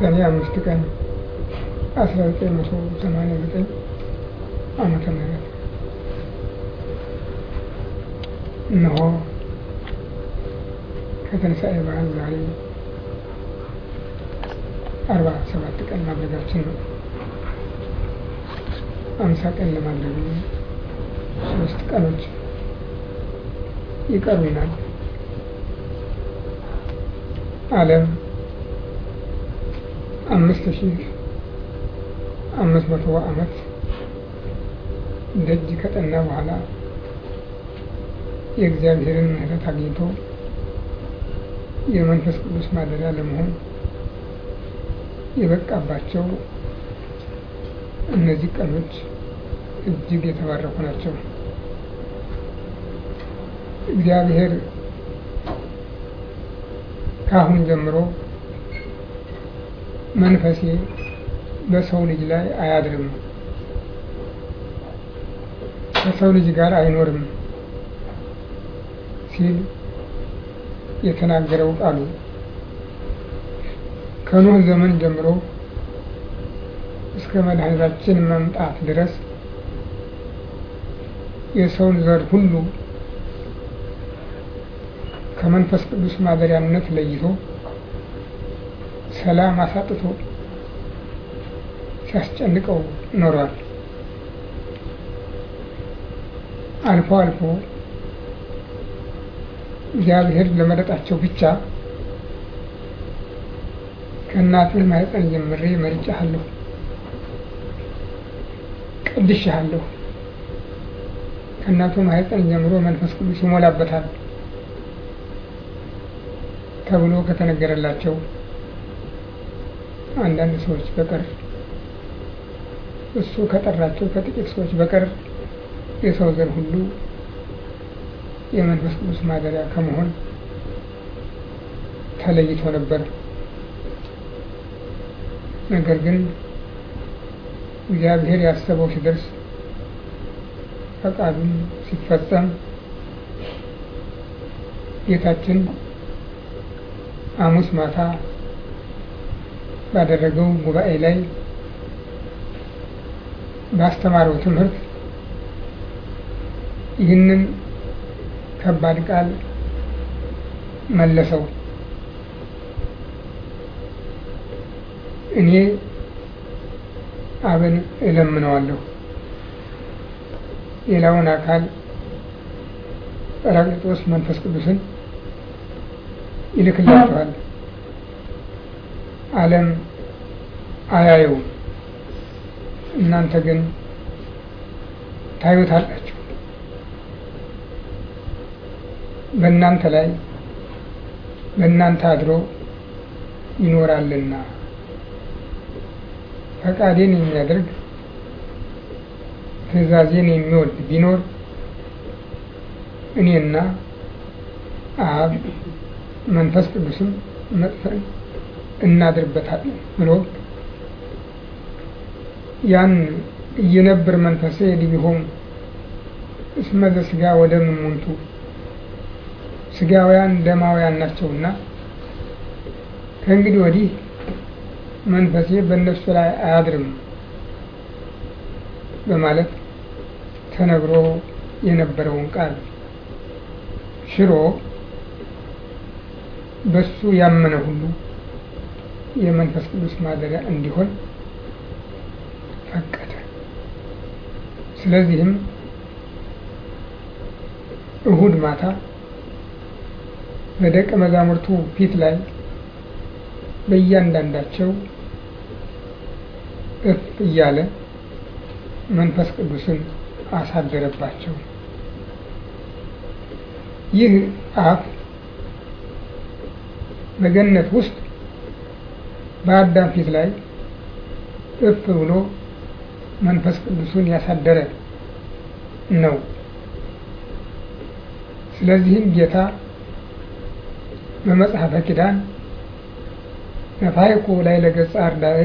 ሰኔ አምስት ቀን መቶ ዘጠኝ አመተ ምህረት እነሆ ከትንሣኤ በዓል ዛሬ አርባ ሰባት ቀን ማድረጋችን ነው። አምሳ ቀን ለማድረግ ሶስት ቀኖች ይቀሩናል። ዓለም አምስት ሺህ አምስት መቶ ዓመት ደጅ ከጠና በኋላ የእግዚአብሔርን ምሕረት አግኝቶ የመንፈስ ቅዱስ ማደሪያ ለመሆን የበቃባቸው እነዚህ ቀኖች እጅግ የተባረኩ ናቸው። እግዚአብሔር ከአሁን ጀምሮ መንፈሴ በሰው ልጅ ላይ አያድርም፣ ከሰው ልጅ ጋር አይኖርም ሲል የተናገረው ቃሉ ከኖህ ዘመን ጀምሮ እስከ መድኃኒታችን መምጣት ድረስ የሰውን ዘር ሁሉ ከመንፈስ ቅዱስ ማደሪያነት ለይቶ ሰላም አሳጥቶ ሲያስጨንቀው ኖሯል። አልፎ አልፎ እግዚአብሔር ለመረጣቸው ብቻ ከእናቱ ማህፀን ጀምሬ መርጫሃለሁ፣ ቀድሼሃለሁ። ከእናቱ ማህፀን ጀምሮ መንፈስ ቅዱስ ይሞላበታል ተብሎ ከተነገረላቸው አንዳንድ ሰዎች በቀር እሱ ከጠራቸው ከጥቂት ሰዎች በቀር የሰው ዘር ሁሉ የመንፈስ ቅዱስ ማደሪያ ከመሆን ተለይቶ ነበር። ነገር ግን እግዚአብሔር ያሰበው ሲደርስ ፈቃዱን ሲፈጸም ጌታችን ሐሙስ ማታ ባደረገው ጉባኤ ላይ ባስተማረው ትምህርት ይህንን ከባድ ቃል መለሰው። እኔ አብን እለምነዋለሁ፣ ሌላውን አካል ጰራቅሊጦስ መንፈስ ቅዱስን ይልክላችኋል ዓለም አያየውም። እናንተ ግን ታዩታላችሁ። በእናንተ ላይ በእናንተ አድሮ ይኖራልና ፈቃዴን የሚያደርግ ትእዛዜን የሚወድ ቢኖር እኔና አብ መንፈስ ቅዱስም መጥፈን! እናድርበታለን ብሎ ያን እየነብር መንፈሴ ዲቢሆም እስመ ስጋ ወደም ምሙንቱ ስጋውያን ደማውያን ናቸውና ከእንግዲህ ወዲህ መንፈሴ በእነሱ ላይ አያድርም በማለት ተነግሮ የነበረውን ቃል ሽሮ በሱ ያመነ ሁሉ የመንፈስ ቅዱስ ማደሪያ እንዲሆን ፈቀደ። ስለዚህም እሁድ ማታ በደቀ መዛሙርቱ ፊት ላይ በእያንዳንዳቸው እፍ እያለ መንፈስ ቅዱስን አሳደረባቸው። ይህ አፍ በገነት ውስጥ በአዳም ፊት ላይ እፍ ብሎ መንፈስ ቅዱሱን ያሳደረ ነው። ስለዚህም ጌታ በመጽሐፈ ኪዳን ነፋይኩ ላይ ለገጽ አርዳኤ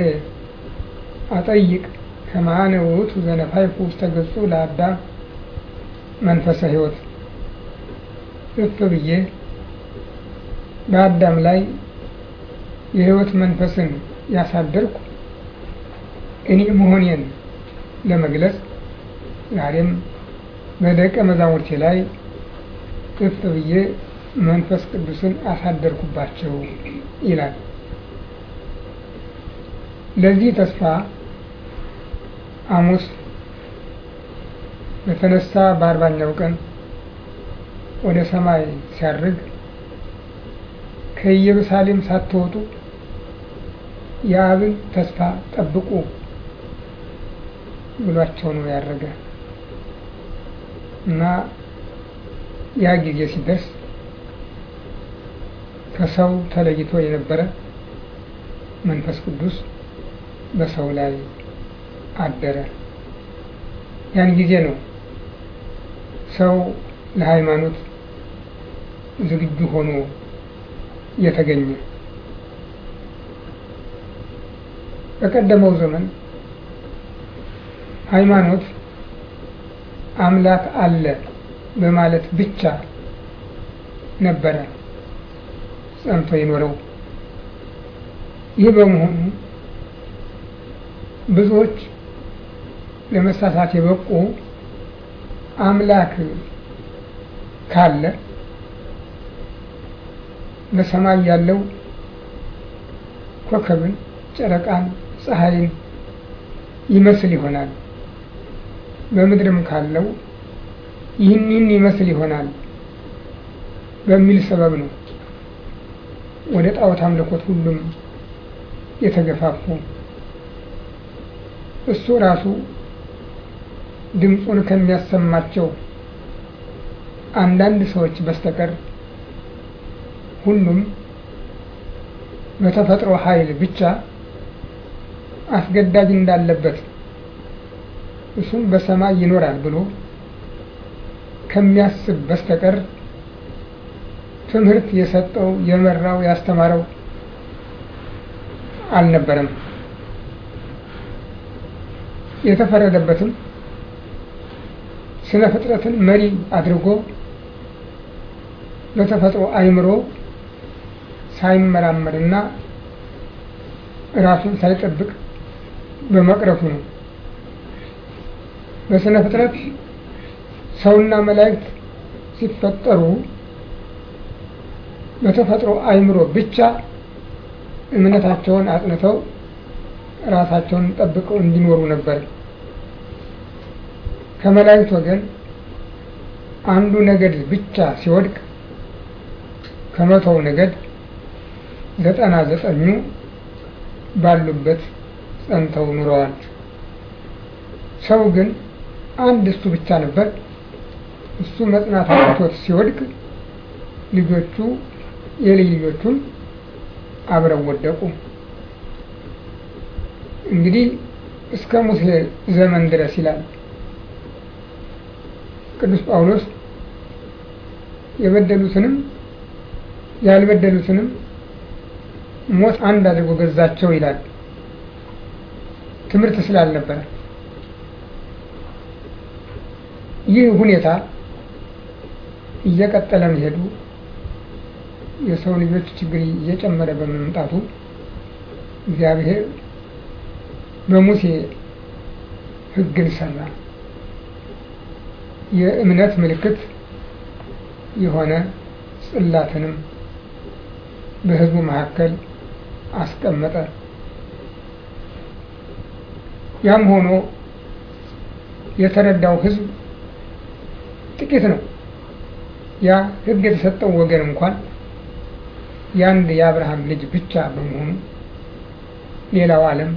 አጠይቅ ከማነ ውእቱ ዘነፋይኩ ውስተ ገጹ ለአዳም መንፈሰ ሕይወት እፍ ብዬ በአዳም ላይ የህይወት መንፈስን ያሳደርኩ እኔ መሆኔን ለመግለጽ ዛሬም በደቀ መዛሙርቴ ላይ እፍ ብዬ መንፈስ ቅዱስን አሳደርኩባቸው ይላል። ለዚህ ተስፋ ሐሙስ በተነሳ በአርባኛው ቀን ወደ ሰማይ ሲያርግ ከኢየሩሳሌም ሳትወጡ የአብን ተስፋ ጠብቁ ብሏቸው ነው ያደረገ እና ያ ጊዜ ሲደርስ ከሰው ተለይቶ የነበረ መንፈስ ቅዱስ በሰው ላይ አደረ። ያን ጊዜ ነው ሰው ለሃይማኖት ዝግጁ ሆኖ የተገኘ በቀደመው ዘመን ሃይማኖት አምላክ አለ በማለት ብቻ ነበረ ጸንቶ የኖረው። ይህ በመሆኑ ብዙዎች ለመሳሳት የበቁ አምላክ ካለ በሰማይ ያለው ኮከብን፣ ጨረቃን፣ ፀሐይን ይመስል ይሆናል። በምድርም ካለው ይህንን ይመስል ይሆናል በሚል ሰበብ ነው ወደ ጣዖት አምልኮት ሁሉም የተገፋፉ። እሱ ራሱ ድምፁን ከሚያሰማቸው አንዳንድ ሰዎች በስተቀር ሁሉም በተፈጥሮ ኃይል ብቻ አስገዳጅ እንዳለበት እሱም በሰማይ ይኖራል ብሎ ከሚያስብ በስተቀር ትምህርት የሰጠው የመራው ያስተማረው አልነበረም። የተፈረደበትም ስነ ፍጥረትን መሪ አድርጎ በተፈጥሮ አይምሮ። ሳይመራመርና ራሱን ሳይጠብቅ በመቅረፉ ነው። በስነ ፍጥረት ሰውና መላእክት ሲፈጠሩ በተፈጥሮ አእምሮ ብቻ እምነታቸውን አጥንተው ራሳቸውን ጠብቀው እንዲኖሩ ነበር። ከመላእክት ወገን አንዱ ነገድ ብቻ ሲወድቅ ከመቶው ነገድ ዘጠና ዘጠኙ ባሉበት ጸንተው ኑረዋል። ሰው ግን አንድ እሱ ብቻ ነበር። እሱ መጽናት አቅቶት ሲወድቅ ልጆቹ የልጅ ልጆቹም አብረው ወደቁ። እንግዲህ እስከ ሙሴ ዘመን ድረስ ይላል ቅዱስ ጳውሎስ የበደሉትንም ያልበደሉትንም ሞት አንድ አድርጎ ገዛቸው ይላል። ትምህርት ስላልነበረ ይህ ሁኔታ እየቀጠለ መሄዱ የሰው ልጆች ችግር እየጨመረ በመምጣቱ እግዚአብሔር በሙሴ ሕግን ሰራ። የእምነት ምልክት የሆነ ጽላትንም በሕዝቡ መካከል አስቀመጠ። ያም ሆኖ የተረዳው ህዝብ ጥቂት ነው። ያ ህግ የተሰጠው ወገን እንኳን የአንድ የአብርሃም ልጅ ብቻ በመሆኑ ሌላው ዓለም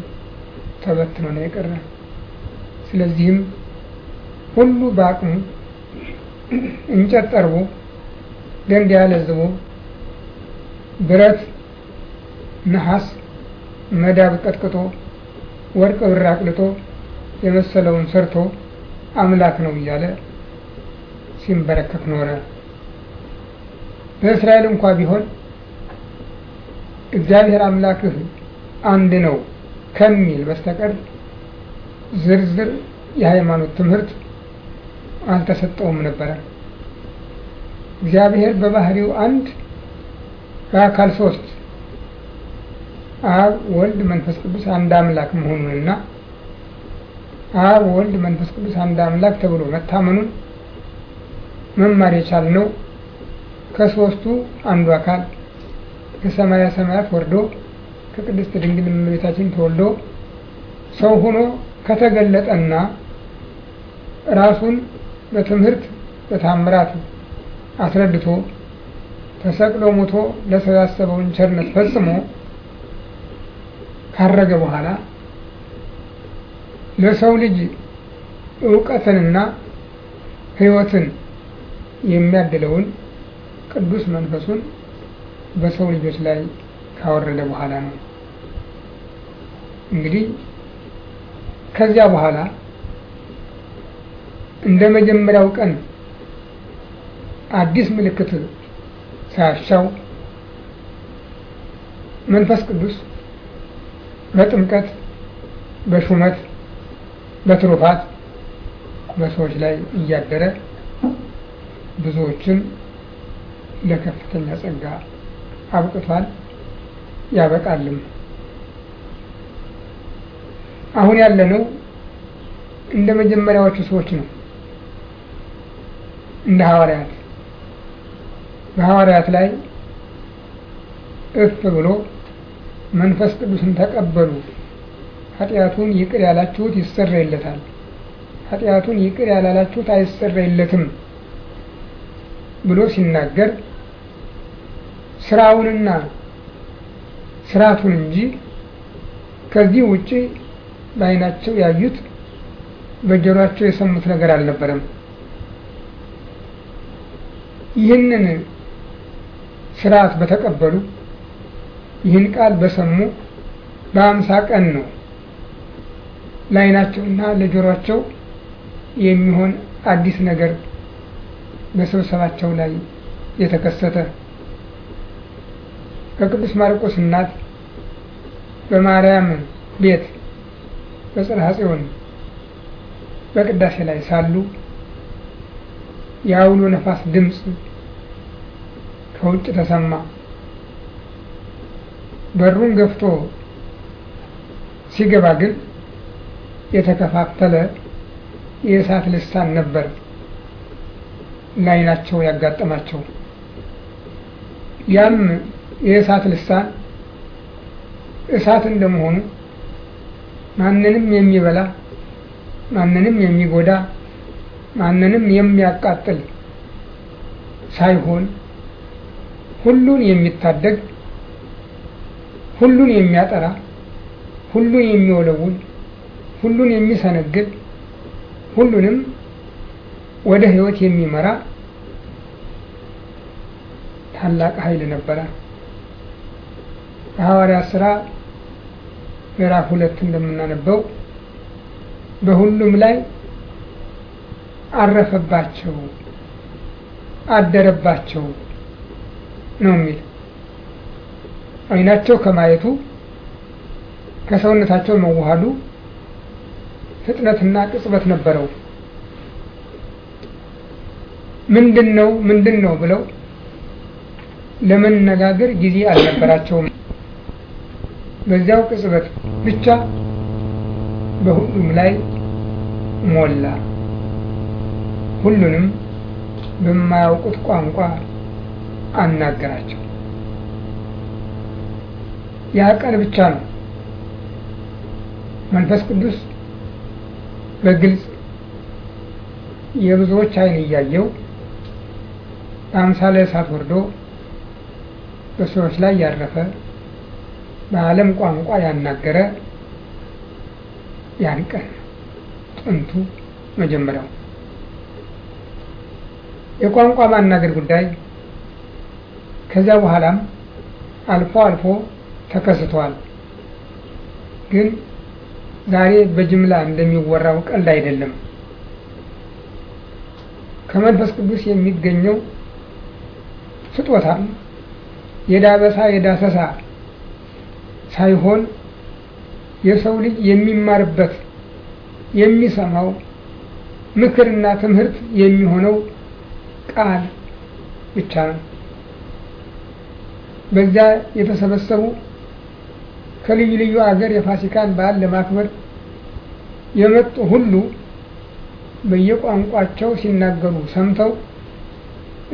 ተበትኖ ነው የቀረ። ስለዚህም ሁሉ በአቅሙ እንጨት ጠርቦ ደንድ ለዝቦ ብረት ነሐስ መዳብ ቀጥቅጦ ወርቅ ብር አቅልጦ የመሰለውን ሰርቶ አምላክ ነው እያለ ሲንበረከክ ኖረ። በእስራኤል እንኳ ቢሆን እግዚአብሔር አምላክህ አንድ ነው ከሚል በስተቀር ዝርዝር የሃይማኖት ትምህርት አልተሰጠውም ነበረ። እግዚአብሔር በባህሪው አንድ፣ በአካል ሶስት አብ ወልድ መንፈስ ቅዱስ አንድ አምላክ መሆኑንና አብ ወልድ መንፈስ ቅዱስ አንድ አምላክ ተብሎ መታመኑን መማር የቻልነው ከሶስቱ አንዱ አካል ከሰማያ ሰማያት ወርዶ ከቅድስት ድንግል እመቤታችን ተወልዶ ሰው ሆኖ ከተገለጠና ራሱን በትምህርት በታምራት አስረድቶ ተሰቅሎ ሞቶ ለሰው ያሰበውን ቸርነት ፈጽሞ ካረገ በኋላ ለሰው ልጅ እውቀትንና ህይወትን የሚያድለውን ቅዱስ መንፈሱን በሰው ልጆች ላይ ካወረደ በኋላ ነው። እንግዲህ ከዚያ በኋላ እንደ መጀመሪያው ቀን አዲስ ምልክት ሳያሻው መንፈስ ቅዱስ በጥምቀት፣ በሹመት፣ በትሩፋት በሰዎች ላይ እያደረ ብዙዎችን ለከፍተኛ ጸጋ አብቅቷል ያበቃልም። አሁን ያለነው እንደ መጀመሪያዎቹ ሰዎች ነው። እንደ ሐዋርያት በሐዋርያት ላይ እፍ ብሎ መንፈስ ቅዱስን ተቀበሉ። ኃጢአቱን ይቅር ያላችሁት ይሰረይለታል፣ ኃጢአቱን ይቅር ያላላችሁት አይሰረይለትም ብሎ ሲናገር ስራውንና ስርዓቱን እንጂ ከዚህ ውጪ በአይናቸው ያዩት በጆሯቸው የሰሙት ነገር አልነበረም። ይህንን ስርዓት በተቀበሉ ይህን ቃል በሰሙ በአምሳ ቀን ነው እና ለጆሯቸው የሚሆን አዲስ ነገር በስብሰባቸው ላይ የተከሰተ ከቅዱስ ማርቆስ እናት በማርያም ቤት በጽርሐ ጽዮን በቅዳሴ ላይ ሳሉ የአውሎ ነፋስ ድምፅ ከውጭ ተሰማ። በሩን ገፍቶ ሲገባ ግን የተከፋፈለ የእሳት ልሳን ነበር ላይናቸው ያጋጠማቸው። ያም የእሳት ልሳን እሳት እንደመሆኑ ማንንም የሚበላ ማንንም የሚጎዳ ማንንም የሚያቃጥል ሳይሆን ሁሉን የሚታደግ ሁሉን የሚያጠራ ሁሉን የሚወለውል ሁሉን የሚሰነግል ሁሉንም ወደ ህይወት የሚመራ ታላቅ ኃይል ነበረ። በሐዋርያ ስራ ምዕራፍ ሁለት እንደምናነበው በሁሉም ላይ አረፈባቸው፣ አደረባቸው ነው የሚል አይናቸው ከማየቱ ከሰውነታቸው መዋሃዱ ፍጥነትና ቅጽበት ነበረው። ምንድን ነው ምንድን ነው ብለው ለመነጋገር ጊዜ አልነበራቸውም። በዚያው ቅጽበት ብቻ በሁሉም ላይ ሞላ። ሁሉንም በማያውቁት ቋንቋ አናገራቸው። ያ ቃል ብቻ ነው። መንፈስ ቅዱስ በግልጽ የብዙዎች አይን እያየው በአምሳለ እሳት ወርዶ በሰዎች ላይ ያረፈ በዓለም ቋንቋ ያናገረ ያን ቀን ጥንቱ መጀመሪያው የቋንቋ ማናገር ጉዳይ ከዚያ በኋላም አልፎ አልፎ ተከስቷል። ግን ዛሬ በጅምላ እንደሚወራው ቀልድ አይደለም። ከመንፈስ ቅዱስ የሚገኘው ስጦታም የዳበሳ የዳሰሳ ሳይሆን የሰው ልጅ የሚማርበት የሚሰማው ምክርና ትምህርት የሚሆነው ቃል ብቻ ነው። በዚያ የተሰበሰቡ ከልዩ ልዩ ሀገር የፋሲካን በዓል ለማክበር የመጡ ሁሉ በየቋንቋቸው ሲናገሩ ሰምተው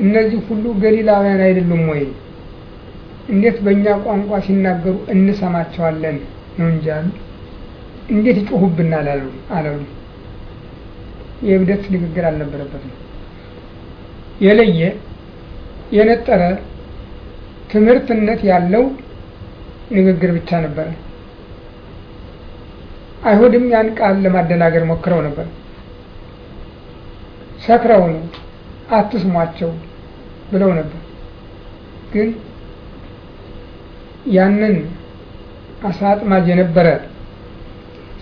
እነዚህ ሁሉ ገሊላውያን አይደሉም ወይ? እንዴት በእኛ ቋንቋ ሲናገሩ እንሰማቸዋለን ነው እንጂ አሉ። እንዴት ይጮሁብናል አሉ አለሉ። የእብደት ንግግር አልነበረበትም። የለየ የነጠረ ትምህርትነት ያለው ንግግር ብቻ ነበር። አይሁድም ያን ቃል ለማደናገር ሞክረው ነበር። ሰክረው ነው አትስሟቸው ብለው ነበር። ግን ያንን አሳ አጥማጅ የነበረ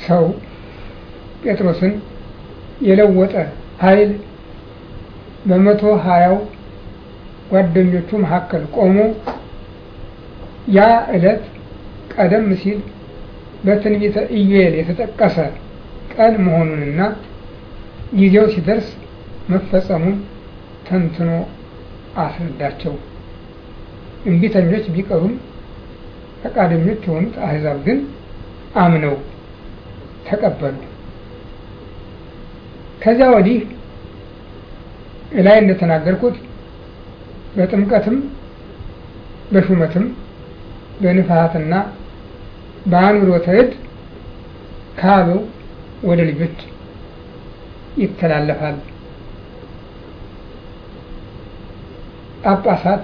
ሰው ጴጥሮስን የለወጠ ኃይል በመቶ ሀያው ጓደኞቹ መካከል ቆሞ ያ ዕለት ቀደም ሲል በትንቢተ ኢዩኤል የተጠቀሰ ቀን መሆኑንና ጊዜው ሲደርስ መፈጸሙን ተንትኖ አስረዳቸው። እምቢተኞች ቢቀሩም ፈቃደኞች የሆኑት አሕዛብ ግን አምነው ተቀበሉ። ከዚያ ወዲህ እላይ እንደተናገርኩት በጥምቀትም በሹመትም በንፍሃትና በአኑሮተ እድ ከአበው ወደ ልጆች ይተላለፋል። ጳጳሳት፣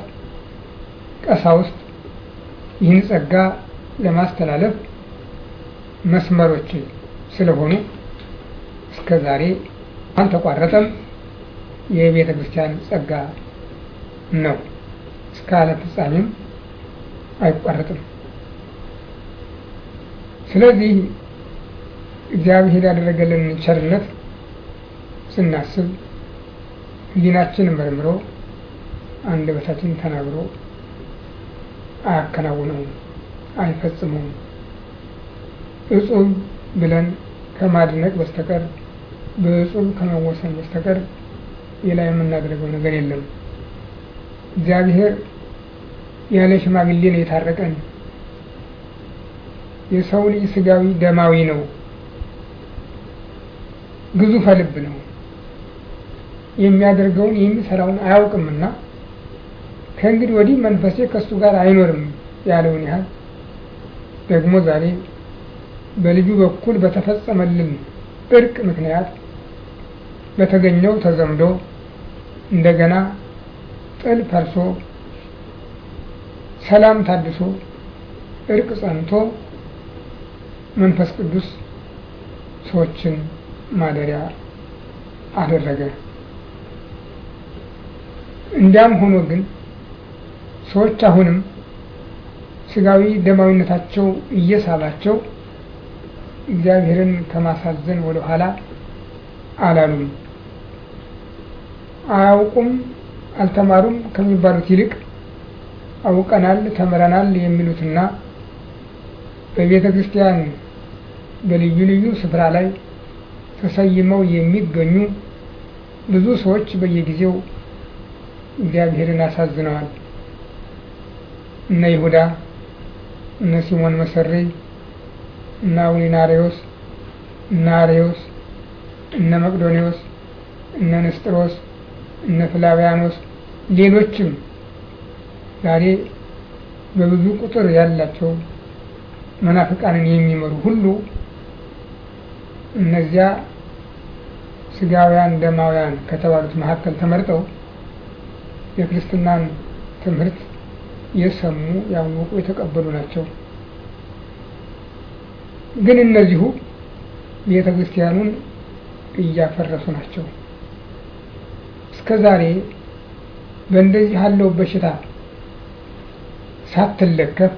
ቀሳውስት ይህን ጸጋ ለማስተላለፍ መስመሮች ስለሆኑ እስከ ዛሬ አልተቋረጠም። የቤተ ክርስቲያን ጸጋ ነው፣ እስከ ዓለም ፍጻሜም አይቋረጥም። ስለዚህ እግዚአብሔር ያደረገልን ቸርነት ስናስብ ሕሊናችን መርምሮ አንደበታችን ተናግሮ አያከናውነውም፣ አይፈጽመውም። እጹብ ብለን ከማድነቅ በስተቀር በእጹብ ከመወሰን በስተቀር ሌላ የምናደርገው ነገር የለም። እግዚአብሔር ያለ ሽማግሌ ነው የታረቀን። የሰው ልጅ ስጋዊ ደማዊ ነው፣ ግዙፈ ልብ ነው። የሚያደርገውን የሚሰራውን አያውቅምና ከእንግዲህ ወዲህ መንፈሴ ከእሱ ጋር አይኖርም ያለውን ያህል ደግሞ ዛሬ በልጁ በኩል በተፈጸመልን እርቅ ምክንያት በተገኘው ተዘምዶ እንደገና ጥል ፈርሶ ሰላም ታድሶ እርቅ ጸንቶ መንፈስ ቅዱስ ሰዎችን ማደሪያ አደረገ። እንዲያም ሆኖ ግን ሰዎች አሁንም ስጋዊ ደማዊነታቸው እየሳላቸው እግዚአብሔርን ከማሳዘን ወደ ኋላ አላሉም። አያውቁም፣ አልተማሩም ከሚባሉት ይልቅ አውቀናል፣ ተምረናል የሚሉትና በቤተ ክርስቲያን በልዩ ልዩ ስፍራ ላይ ተሰይመው የሚገኙ ብዙ ሰዎች በየጊዜው እግዚአብሔርን አሳዝነዋል። እነ ይሁዳ፣ እነ ሲሞን መሰሬ፣ እነ አውሊናሪዎስ፣ እነ አሬዎስ፣ እነ መቅዶኒዎስ፣ እነ ንስጥሮስ፣ እነ ፍላውያኖስ ሌሎችም ዛሬ በብዙ ቁጥር ያላቸው መናፍቃንን የሚመሩ ሁሉ እነዚያ ስጋውያን ደማውያን ከተባሉት መካከል ተመርጠው የክርስትናን ትምህርት የሰሙ ያወቁ የተቀበሉ ናቸው። ግን እነዚሁ ቤተ ክርስቲያኑን እያፈረሱ ናቸው። እስከ ዛሬ በእንደዚህ ያለው በሽታ ሳትለከፍ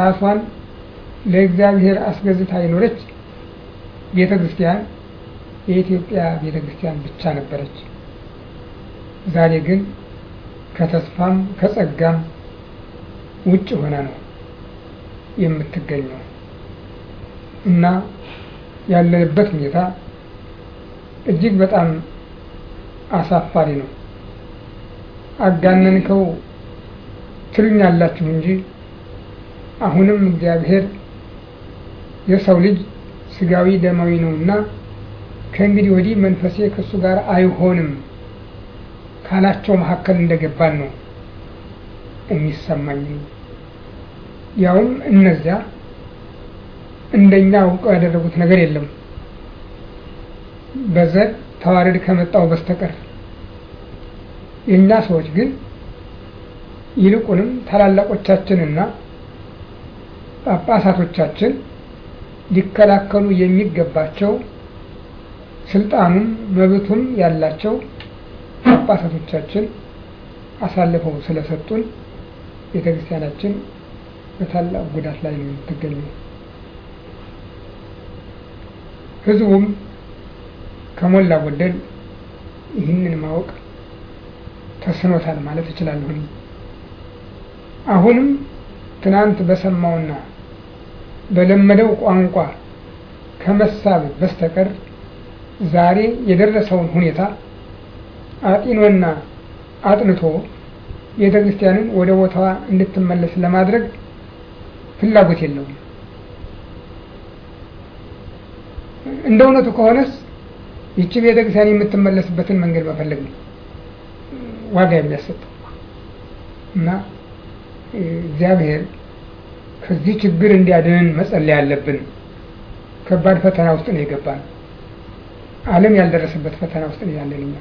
ራሷን ለእግዚአብሔር አስገዝታ ይኖረች ቤተ ክርስቲያን የኢትዮጵያ ቤተ ክርስቲያን ብቻ ነበረች። ዛሬ ግን ከተስፋም ከጸጋም ውጭ ሆና ነው የምትገኘው እና ያለንበት ሁኔታ እጅግ በጣም አሳፋሪ ነው። አጋነንከው ትሉኛላችሁ እንጂ አሁንም እግዚአብሔር የሰው ልጅ ስጋዊ ደማዊ ነው እና ከእንግዲህ ወዲህ መንፈሴ ከእሱ ጋር አይሆንም ካላቸው መካከል እንደገባን ነው የሚሰማኝ። ያውም እነዚያ እንደኛ አውቀው ያደረጉት ነገር የለም በዘር ተዋረድ ከመጣው በስተቀር የእኛ ሰዎች ግን ይልቁንም ታላላቆቻችንና ጳጳሳቶቻችን ሊከላከሉ የሚገባቸው ስልጣኑም መብቱም ያላቸው አባቶቻችን አሳልፈው ስለሰጡን ቤተክርስቲያናችን በታላቅ ጉዳት ላይ ነው የምትገኘው። ህዝቡም ከሞላ ጎደል ይህንን ማወቅ ተስኖታል ማለት እችላለሁ። አሁንም ትናንት በሰማውና በለመደው ቋንቋ ከመሳብ በስተቀር ዛሬ የደረሰውን ሁኔታ አጢኖና አጥንቶ ቤተ ክርስቲያንን ወደ ቦታዋ እንድትመለስ ለማድረግ ፍላጎት የለውም። እንደ እውነቱ ከሆነስ ይቺ ቤተ ክርስቲያን የምትመለስበትን መንገድ መፈለግ ነው ዋጋ የሚያሰጠው እና እግዚአብሔር ከዚህ ችግር እንዲያድንን መጸለይ አለብን። ከባድ ፈተና ውስጥ ነው የገባን። ዓለም ያልደረሰበት ፈተና ውስጥ ነው ያለን እኛ።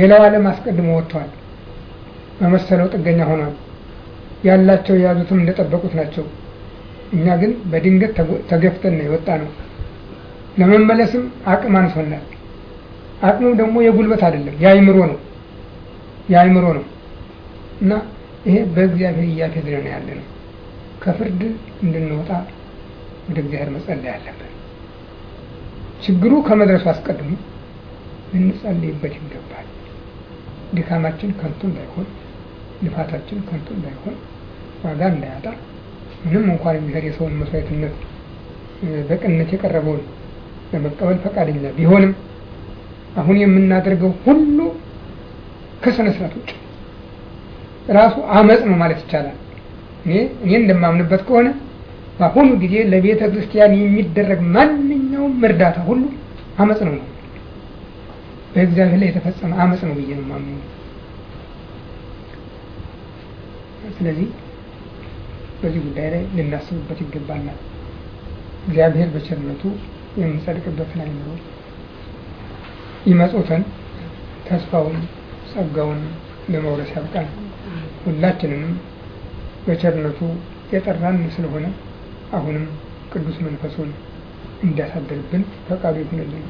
ሌላው ዓለም አስቀድሞ ወጥቷል። በመሰለው ጥገኛ ሆኗል። ያላቸው የያዙትም እንደጠበቁት ናቸው። እኛ ግን በድንገት ተገፍተን ነው የወጣ ነው። ለመመለስም አቅም አንሶናል። አቅሙም ደግሞ የጉልበት አይደለም፣ የአይምሮ ነው የአይምሮ ነው እና ይሄ በእግዚአብሔር እያፌዝን ነው ያለ ነው። ከፍርድ እንድንወጣ ወደ እግዚአብሔር መጸለይ አለብን። ችግሩ ከመድረሱ አስቀድሞ ልንጸልይበት ይገባል። ድካማችን ከንቱ እንዳይሆን፣ ልፋታችን ከንቱ እንዳይሆን፣ ዋጋ እንዳያጣ ምንም እንኳን እግዚአብሔር የሰውን መስዋዕትነት በቅንነት የቀረበውን ለመቀበል ፈቃደኛ ቢሆንም አሁን የምናደርገው ሁሉ ከስነ ስርዓት ውጭ ራሱ አመፅ ነው ማለት ይቻላል። እኔ እንደማምንበት ከሆነ በአሁኑ ጊዜ ለቤተ ክርስቲያን የሚደረግ ማንኛውም እርዳታ ሁሉ አመፅ ነው ነው በእግዚአብሔር ላይ የተፈጸመ አመፅ ነው ብዬ ነው ማምኑ። ስለዚህ በዚህ ጉዳይ ላይ ልናስብበት ይገባናል። እግዚአብሔር በቸርነቱ የምንጸድቅበትን አይምሮ ይመጹትን ተስፋውን ጸጋውን ለመውረስ ያብቃል ሁላችንንም በቸርነቱ የጠራን ስለሆነ አሁንም ቅዱስ መንፈሱን እንዲያሳድርብን ፈቃዱ ይሁንልን።